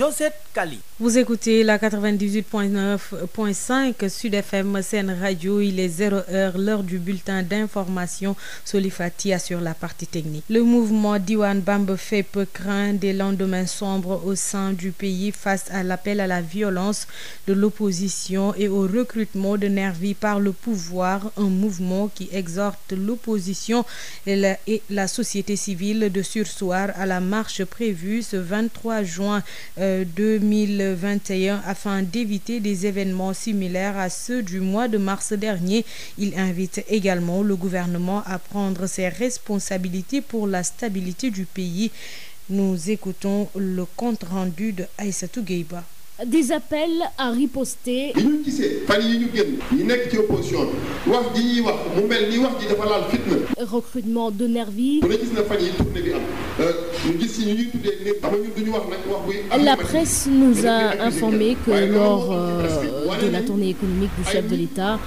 Josette Kali. Vous écoutez la 98.9.5 Sud FM Sen Radio, il est 0 heure, l'heure du bulletin d'information. Solifatia sur la partie technique. Le mouvement Diwan Bamba fait peu craindre des lendemains sombres au sein du pays face à l'appel à la violence de l'opposition et au recrutement de nervis par le pouvoir, un mouvement qui exhorte l'opposition et la, et la société civile de sursoir à la marche prévue ce 23 juin. Euh, 2021 afin d'éviter des événements similaires à ceux du mois de mars dernier. Il invite également le gouvernement à prendre ses responsabilités pour la stabilité du pays. Nous écoutons le compte-rendu de Aïssatou Guèyeba. des appels à riposter. bu ñu gisee fan yi ñu génn ñi nekk ci opposition bi recrutement de nervis. La presse nous a informé que lors euh, de la tournée économique du chef de l'État,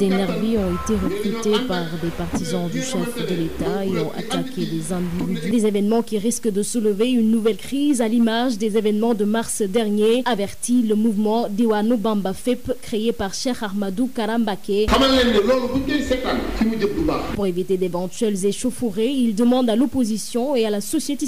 des nervis ont été recrutés par des partisans du chef de l'État et ont attaqué des individus. Des événements qui risquent de soulever une nouvelle crise à l'image des événements de mars dernier, avertit le mouvement Diwaanu Bamba créé par Cheikh Ahmadou Karam Pour éviter d'éventuelles échauffourées, il demande à l'opposition et à la société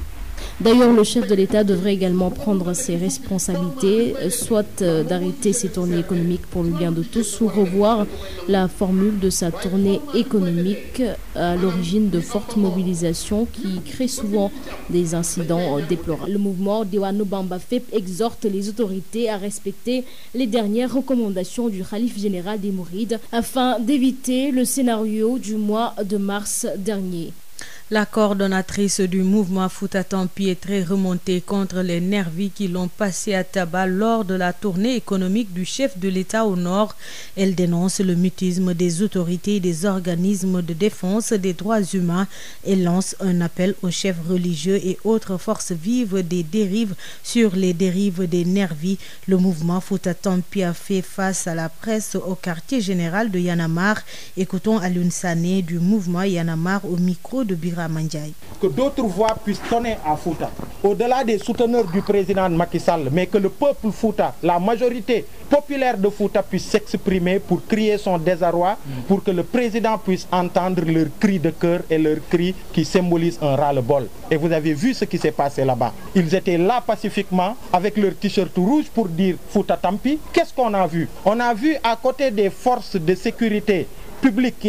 D'ailleurs, le chef de l'État devrait également prendre ses responsabilités, euh, soit euh, d'arrêter ses tournées économiques pour le bien de tous ou revoir la formule de sa tournée économique euh, à l'origine de fortes mobilisations qui créent souvent des incidents déplorables. Le mouvement Diwano Bamba Fep exhorte les autorités à respecter les dernières recommandations du Khalif général des Mourides afin d'éviter le scénario du mois de mars dernier. La coordonnatrice du mouvement Fouta Tampi est très remontée contre les nervis qui l'ont passé à tabac lors de la tournée économique du chef de l'État au Nord. Elle dénonce le mutisme des autorités des organismes de défense des droits humains et lance un appel aux chefs religieux et autres forces vives des dérives sur les dérives des nervis. Le mouvement Fouta Tampi a fait face à la presse au quartier général de Yanamar. Écoutons Alioune Sané du mouvement Moustapha Mandiaye. Que d'autres voix puissent sonner à Fouta. Au-delà des souteneurs du président Macky mais que le peuple Fouta, la majorité populaire de Fouta puisse s'exprimer pour crier son désarroi, pour que le président puisse entendre leurs cris de cœur et leurs cris qui symbolisent un ras-le-bol. Et vous avez vu ce qui s'est passé là-bas. Ils étaient là pacifiquement avec leur t-shirt rouge pour dire Fouta Tampi. Qu'est-ce qu'on a vu? On a vu à côté des forces de sécurité publiques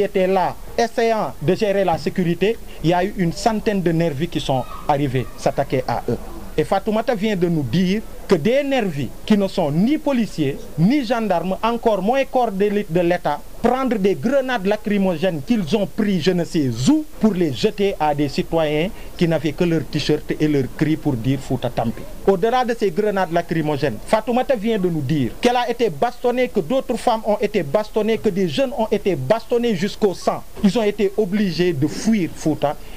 essayant de gérer la sécurité, il y a eu une centaine de nervis qui sont arrivés s'attaquer à eux. Et Fatoumata vient de nous dire que des nervis qui ne sont ni policiers, ni gendarmes, encore moins corps d'élite de l'État, prendre des grenades lacrymogènes qu'ils ont pris je ne sais où pour les jeter à des citoyens qui n'avaient que leur t-shirt et leur cri pour dire Fouta Tampi. Au-delà de ces grenades lacrymogènes, Fatoumata vient de nous dire qu'elle a été bastonnée, que d'autres femmes ont été bastonnées, que des jeunes ont été bastonnés jusqu'au sang. Ils ont été obligés de fuir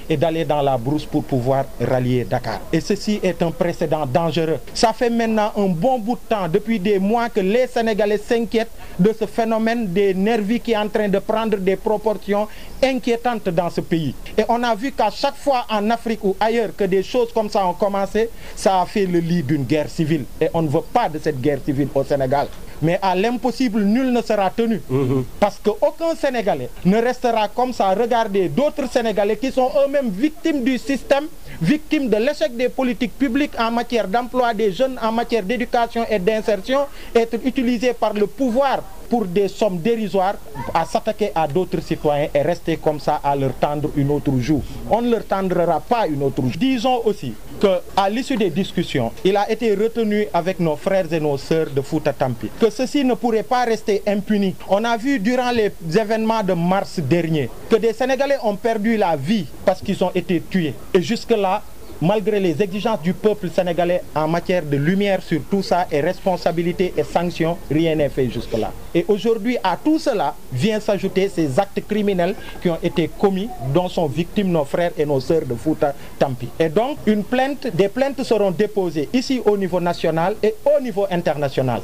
et d'aller dans la brousse pour pouvoir rallier Dakar. Et ceci est un précédent dangereux. Ça fait maintenant un bon bout de temps, depuis des mois, que les Sénégalais s'inquiètent de ce phénomène des nervis qui est en train de prendre des proportions inquiétantes dans ce pays. Et on a vu qu'à chaque fois en Afrique ou ailleurs que des choses comme ça ont commencé, ça a fait le lit d'une guerre civile. Et on ne veut pas de cette guerre civile au Sénégal. mais à l'impossible nul ne sera tenu. Mmh. Parce qu'aucun Sénégalais ne restera comme ça à regarder d'autres Sénégalais qui sont eux-mêmes victimes du système, victimes de l'échec des politiques publiques en matière d'emploi des jeunes, en matière d'éducation et d'insertion, être utilisés par le pouvoir pour des sommes dérisoires à s'attaquer à d'autres citoyens et rester comme ça à leur tendre une autre joue. On ne leur tendrera pas une autre joue. Disons aussi que à l'issue des discussions, il a été retenu avec nos frères et nos sœurs de Fouta Tampi, que ceci ne pourrait pas rester impuni. On a vu durant les événements de mars dernier que des Sénégalais ont perdu la vie parce qu'ils ont été tués. Et jusque-là, malgré les exigences du peuple sénégalais en matière de lumière sur tout ça et responsabilité et sanctions, rien n'est fait jusque-là. Et aujourd'hui, à tout cela vient s'ajouter ces actes criminels qui ont été commis, dont sont victimes nos frères et nos sœurs de Fouta Tampi. Et donc, une plainte, des plaintes seront déposées ici au niveau national et au niveau international.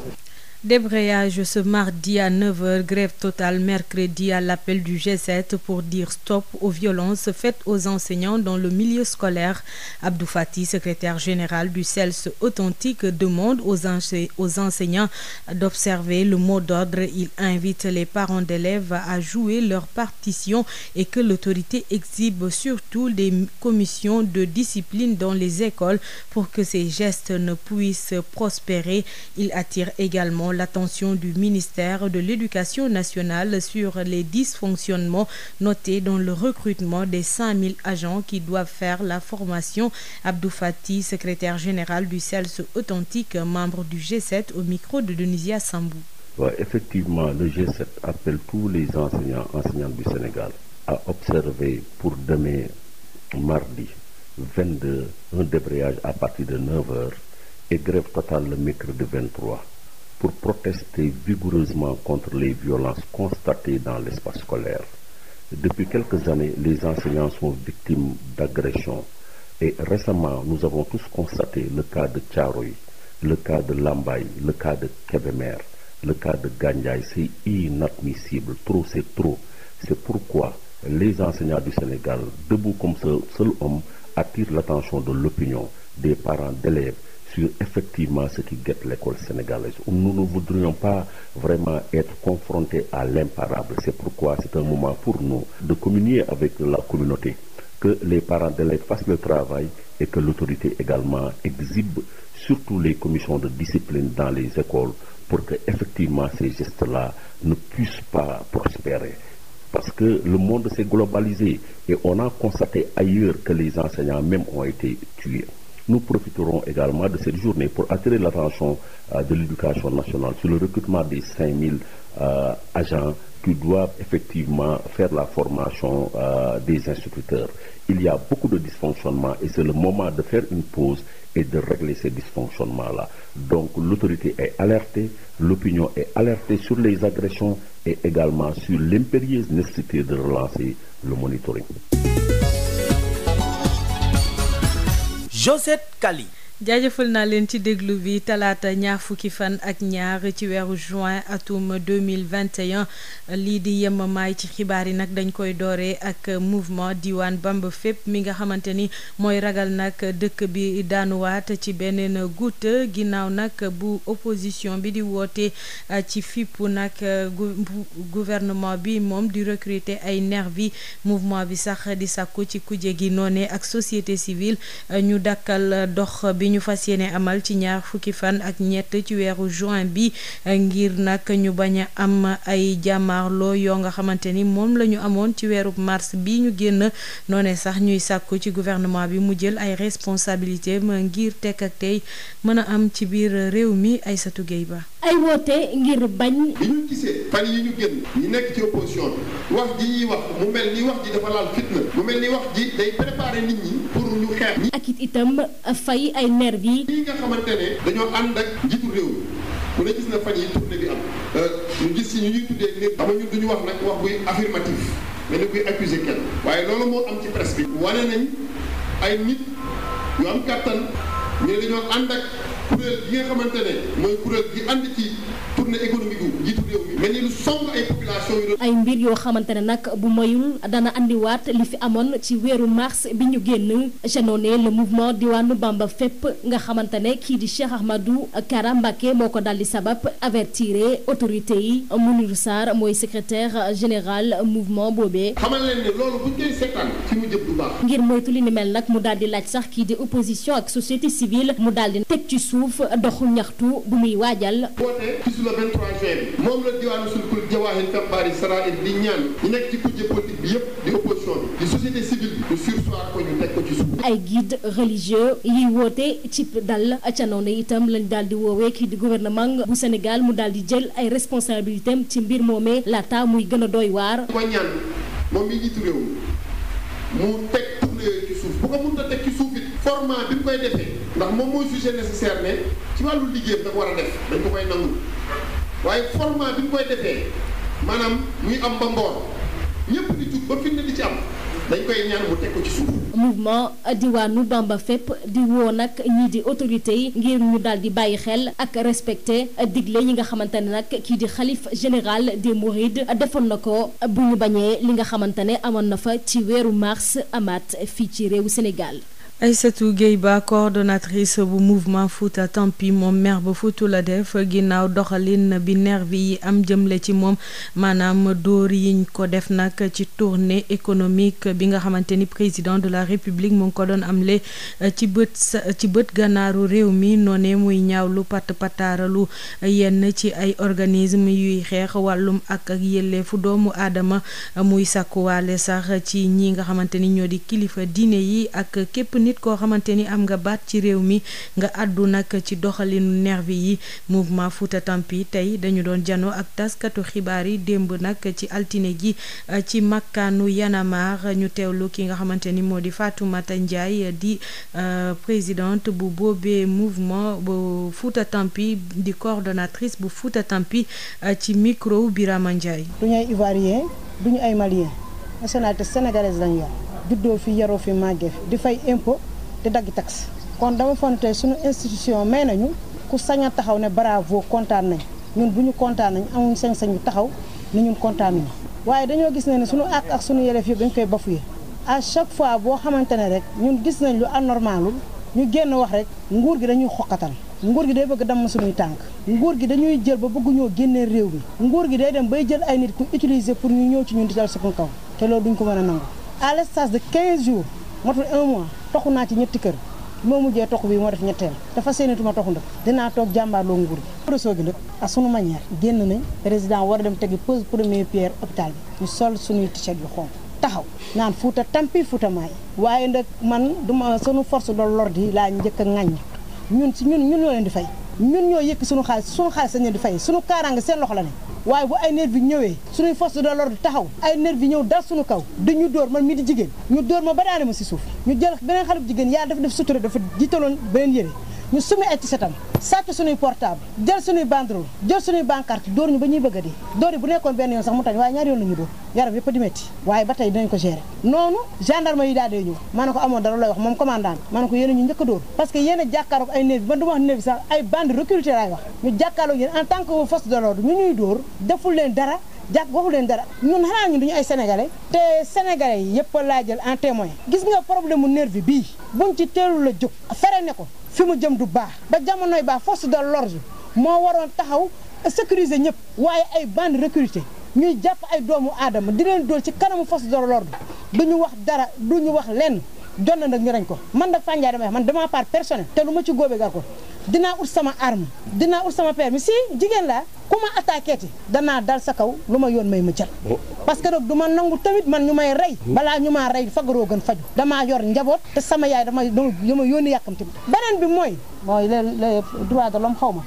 Débrayage ce mardi à 9h, grève totale mercredi à l'appel du G7 pour dire stop aux violences faites aux enseignants dans le milieu scolaire. Abdou Fati, secrétaire général du CELS authentique, demande aux, ense aux enseignants d'observer le mot d'ordre. Il invite les parents d'élèves à jouer leur partition et que l'autorité exhibe surtout des commissions de discipline dans les écoles pour que ces gestes ne puissent prospérer. Il attire également mettant l'attention du ministère de l'Éducation nationale sur les dysfonctionnements notés dans le recrutement des 5000 agents qui doivent faire la formation. Abdou Fati, secrétaire général du CELS Authentique, membre du G7, au micro de Denisia Sambou. effectivement, le G7 appelle tous les enseignants, enseignants du Sénégal à observer pour demain, mardi un débrayage à partir de 9 et grève totale le micro de pour protester vigoureusement contre les violences constatées dans l'espace scolaire. Depuis quelques années, les enseignants sont victimes d'agressions et récemment, nous avons tous constaté le cas de Tcharoy, le cas de Lambaye, le cas de Kebemer, le cas de Gandiaï. C'est inadmissible, trop c'est trop. C'est pourquoi les enseignants du Sénégal, debout comme seul, seul homme, attirent l'attention de l'opinion, des parents d'élèves, sur effectivement ce qui guette l'école sénégalaise. Nous ne voudrions pas vraiment être confrontés à l'imparable. C'est pourquoi c'est un moment pour nous de communier avec la communauté, que les parents d'élèves fassent le travail et que l'autorité également exhibe surtout les commissions de discipline dans les écoles pour que effectivement ces gestes-là ne puissent pas prospérer parce que le monde s'est globalisé et on a constaté ailleurs que les Nous profiterons également de cette journée pour attirer l'attention euh, de l'éducation nationale sur le recrutement des 5000 euh, agents qui doivent effectivement faire la formation euh, des instituteurs. Il y a beaucoup de dysfonctionnements et c'est le moment de faire une pause et de régler ces dysfonctionnements-là. Donc l'autorité est alertée, l'opinion est alertée sur les agressions et également sur l'impérieuse nécessité de relancer le monitoring. Josette kali jaajëfal naa leen ci déglu bi talaata ñaar fukki fan ak ñaar ci weeru juin atum 2021 lii di yemamaay ci xibaar yi nag dañ koy dooree ak mouvement diwaan bamb fépp mi nga xamante ni mooy ragal nag dëkk bi daanuwaat ci beneen goutte ginnaaw nag bu opposition bi di woote euh, ci fippu nag euh, gouvernement bi moom di recruter ay nervi mouvement bi sax di sàkku ci kuje gi noone ak société civile euh, ñu dakkal dox bi ñu fas yéene amal ci ñaar fukki fan ak ñett ci weeru juin bi ngir nag ñu bañ a am ay jàmmaarloo yoo nga xamante ni moom lañu amoon ci weeru mars bi ñu génn noone sax ñuy sàkku ci gouvernement bi mu jël ay responsabilité ma ngir tekk ak tey mën a am ci biir réew mi Aïssatou Gueye Ba ay woote ngir bañ bu ñu gisee fan yi ñu génn ñu nekk ci opposition wax ji ñuy wax mu mel ni wax ji dafa laal fitna mu mel ni wax ji day préparer nit ñi pour ñu xeex ak nervi yi. lii nga xamante ne dañoo ànd ak njiitu réew mi ku ne gis na fan yi tournée bi am euh, ñu gis si ñu ñuy tuddee nit xam ñun du ñu wax nag wax buy affirmatif mais ni kuy accuser kenn waaye loolu moo am ci presse bi. wane nañ ay nit yu am kàttan mais dañoo ànd ak kuréel gi nga xamante ne mooy kuréel gi ànd ci. tournée économique mbir yoo xamante ne nag bu moyul dana andiwaat li fi amoon ci weeru mars bi ñu génn janone le mouvement diwaanu Bamba fépp nga xamante ne kii di Cheikh Ahmadou Kara Mbacké moo ko daal di sabab avertir autorité yi Mounirou Sarr mooy secretaire général mouvement boobee. xamal mu ngir moytu li ni mel nag mu daal di laaj sax kii di opposition ak société civile mu daal di teg ci suuf doxu ñaxtu bu muy waajal. 23 juin bi moom la diwaanu sulkul jawaahin kambaari sarail di ñaan ñi nekk ci kujje politique bi yëpp di opposition bi di société civile bi ñu sursoir ko ñu teg ko ci suuf ay guide religieux yiy woote ci dal ca itam lañ daal di woowee kii di gouvernement bu Sénégal mu daal di jël ay responsabilités ci mbir moomee laata muy gën a doy waar ko ñaan moom mi njiitu réew mu teg tourné ci suuf bu ko mënut a teg ci suuf it format bi mu koy defee ndax moom waaye format bi ñu koy defee maanaam muy am ba ngoon ñëpp di jug ba fitna di ci am dañ koy ñaan mu teg ko ci suuf. mouvement diwaanu Bamba fépp di woo nag ñii di autorité yi ngir ñu daal di bàyyi xel ak respecté digle ñi nga xamante ne nag kii di xalif général des Mourides defoon na ko bu ñu bañee li nga xamante ne amoon na fa ci weeru mars amaat fii ci réewu senegal ay Aïssatou Gueye Ba coordonnatrice bu mouvement Fouta Tampi moom maire ba Fouta la def ginnaaw doxalin bi nervi yi am jëmle ci moom maanaam door yiñ ko def nag ci tournée économique bi nga xamante ni président de la république mu ngi ko doon am le eh, ci bët ci bët gànnaaru réew mi noone muy ñaaw lu pat pataaralu yenn ci ay organisme yuy xeex wàllum ak ak yelleefu doomu aadama eh, muy sàkkuwaale sax ci ñi nga xamante ni ñoo di kilifa diine yi ak képp ni nit koo xamante ni am nga baat ci réew mi nga àddu nag ci doxalinu nervi yi mouvement Fouta Tampi tey dañu doon janoo ak taskatu xibaar yi démb nag ci altine gi ci makaanu Yanamar ñu teewlu ki nga xamante ni moo di Fatoumata Ndiaye di euh, présidente bu boobee mouvement bu Fouta Tampi di coordonnatrice bu Fouta Tampi euh, ci micro Birama Ndiaye. du ñu ay Ivoirien du ay Malien nationalité sénégalaise lañu yor juddoo fi yaroo fi màggee di fay impôt di dagg taxe kon dama foog ne tey suñu institution may nañu ku sañ a taxaw ne bravo kontaan nañ ñun bu ñu kontaan nañ amuñ sañ-sañu taxaw ni ñun kontaan nañu waaye dañoo gis ne ne suñu àq ak suñu yelef yëpp dañ koy bafoué a chaque fois boo xamante ne rek ñun gis nañ lu anormalul ñu génn wax rek nguur gi dañuy xoqatal nguur gi day bëgg damm suñuy tànk nguur gi dañuy jël ba bëgguñoo génnee réew mi nguur gi day dem bay jël ay nit ku utiliser pour ñu ñëw ci ñun di kaw à l'espace de 15 jours matul un mois naa ci ñetti kër moo mujjee toxu bi moo def ñetteel dafa seenituma toxu nag dinaa toog jàmbaarloo nguur gi réseau gi nag ak sunu manière génn nañ président war a dem tegi pose première pierre hôpital bi ñu sol suñuy t-shirt yu xonq taxaw naan fuuta tampi fuuta maay waaye nag man duma sunu force de l'ordre yi laa njëkk a ŋàññ ñun si ñun ñun ñoo leen di fay ñun ñoo yëkk suñu xaalis suñu xaalis dañ leen di fay suñu kaaraange seen loxo la ne waaye bu ay nervi ñëwee suñuy force de l'ordre taxaw ay nervi ñëw dal suñu kaw di ñu dóor man mi di jigéen ñu dóor ma ba daane ma si suuf ñu jël beneen xale jigéen yaa dafa def sutura dafa jiitaloon beneen yére ñu sumi ay tisetam sàcc suñuy portable jël suñuy banderole jël suñuy pancarte dóor ñu ba ñuy bëgg a di dóor bu nekkoon benn yoon sax mu tañ waaye ñaari yoon la ñu dóor yaram yëpp di waaye ba tey dinañ ko gérer noonu gendarme yi daal day ñëw ma ne ko amoon dara looy wax moom commandant ma ne ko yéen ñu njëkk a dóor parce que yéen a jàkkaaroog ay néew ma wax néew sax ay bande recruté wax ñu jàkkaaroog yéen en tant que force de l'ordre ñu ñuy dóor deful leen dara jàkk waxu leen dara ñun xanaa ñun duñu ay sénégalais te sénégalais yi yëpp laa jël en témoin gis nga problème mu nervi bii buñ ci teelu la jóg fere ne ko fi mu jëm du baax ba jamonoy baax force de l'ordre moo waroon taxaw sécuriser ñëpp waaye ay bande recruté ñuy jàpp ay doomu aadama di leen dool ci kanamu fos de l'ordre du ñu wax dara du ñu wax lenn jot na nag ñu reñ ko man nag Fane Ndiaye damay wax man dama part personnel te lu ma ci góobee gar ko dinaa ut sama arme dina ut sama permis si jigéen laa ku ma attaqué ti danaa dal sa kaw lu ma yoon may ma jël oh. parce que nag du ma nangu tamit man ñu may rey oh. balaa ñu maa rey fagaroo gën faj damaa yor njaboot te sama yaay dama dama yónni yàkkamti beneen bi mooy mooy le le droit de l'homme xaw ma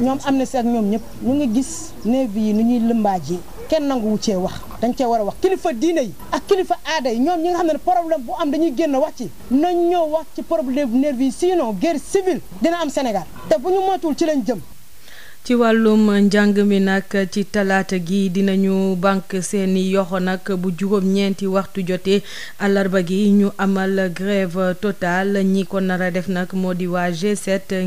ñoom amnistie ak ñoom ñëpp ñu ngi gis ne yi ni ñuy lëmbaajee kenn nanguwu cee wax dañ cee war a wax kilifa diine yi ak kilifa aada yi ñoom ñi nga xam ne problème bu am dañuy génn wax ci nañ ñoo wax ci problème bu nervi yi sinon guerre civile dina am Sénégal te bu ñu moytuwul ci lañ jëm ci wàllum njàng mi nag ci talaata gi dinañu banque seeni yoxo nag bu juróom-ñeenti waxtu jotee àllarba gi ñu amal grève totale ñi ko nar a def nag moo di waa g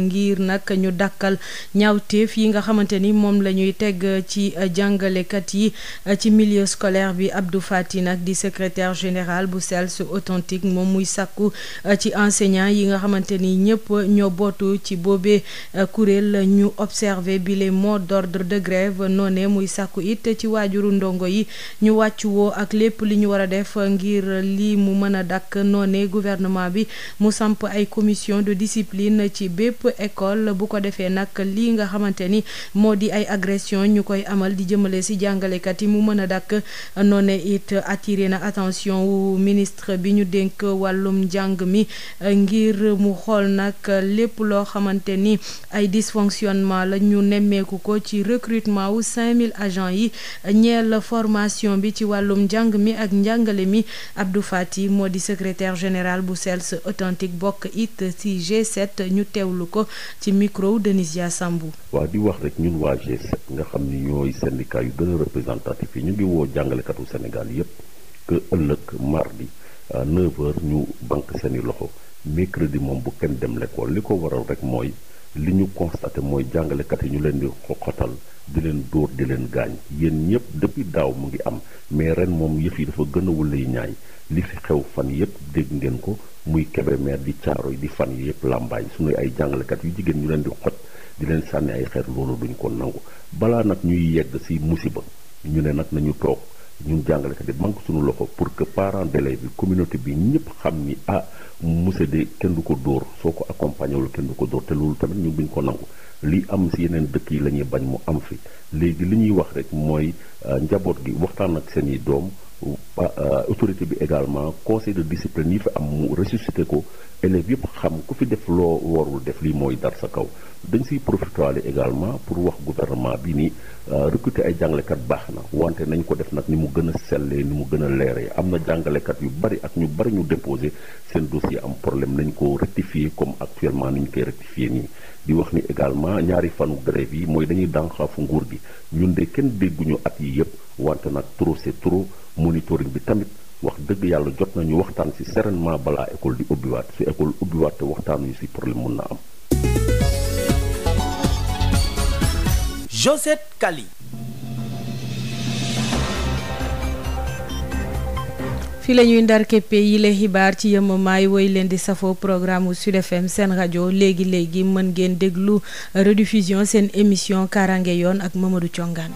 ngir nag ñu dàkkal ñaawteef yi nga xamante ni moom la ñuy teg ci jàngalekat yi ci milieu scolaire bi Abdou Fati nag di secretaire général bu SELS authentique moom muy sàkku ci enseignant yi nga xamante ni ñëpp ñoo bootu ci boobee kuréel ñu observé bile mot d'ordre de grève noonee muy sàkku it ci waajuru ndongo yi ñu wàccu woo ak lépp li ñu war a def ngir lii mu mën a dakk noonee gouvernement bi mu samp ay commission de discipline ci bépp ecole bu ko defee nag lii nga xamante ni moo di ay agression ñu koy amal di jëmale si jàngalekat yi mu mën a dakk noonee it attiré na attention wu ministre bi ñu dénk wàllum njàng mi ngir mu xool nag lépp loo xamante ni ay dysfonctionnement la nemmeeku ko ci recrutement wu 5000 agents yi ñeel formation bi ci wàllum njàng mi ak njàngale mi Abdou Fati moo di secretaire général bu CELS authentique bokk it ci G7 ñu teewlu ko ci micro Denis Ya Sambou di wax rek ñun waa g nga xam ni ñooy syndicat yu gën yi ñu ngi woo jàngalekatu Sénégal yépp que ëllëg mardi à ñu banque seeni loxo mercredi moom bu kenn dem l'école li ko waral rek mooy li ñu constaté mooy jàngalekat yi ñu leen di xoxatal di leen dóor di leen gaañ yéen ñëpp depuis daaw mu ngi am mais ren moom yëf yi dafa gënawul a ñaay li fi xew fan yëpp dégg ngeen ko muy Kébémer di Caaroy di fan yëpp làmbaay suñuy ay jàngalekat yu jigéen ñu leen di xot di leen sànni ay xeer loolu duñ ko nangu balaa nag ñuy yegg ci musiba ñu ne nag nañu toog ñun jàngalekat yi manque suñu loxo pour que parents d'élèves bi communauté bi ñëpp xam ni ah monsieur de kenn du ko dóor soo ko accompagné wul kenn du ko dóor te loolu tamit ñu buñ ko nangu li am si yeneen dëkk yi la ñuy bañ mu am fi léegi li ñuy wax rek mooy ah, njaboot gi waxtaan ak seen i doom Euh, euh, autorité bi également conseil de discipline yi fi am mu ressuscité ko élèves yëpp xam ku fi def loo warul def lii mooy dar sa kaw dañ siy profitoale également pour wax gouvernement bi ni euh, recruter ay jàngalekat baax na wante nañ ko def nag ni mu gën a sellee ni mu gën a leeree am na jàngalekat yu bari ak ñu bari ñu déposé seen dossier am problème nañ ko rectifier comme actuellement ni ñu koy rectifier nii di wax ni également ñaari fanu grève yi mooy dañuy dànxaafu nguur gi ñun de kenn dégguñu at yi yëpp wante nag trop c'est trop monitoring bi tamit wax dëgg yàlla jot Kali. fi la ñuy ndar képpe yi la xibaar ci yëmmamaay woy leen di safoo programme Sud FM seen rajo léegi léegi mën ngeen déglu rediffusion seen émission Kaarange yoon ak Mamadou congaan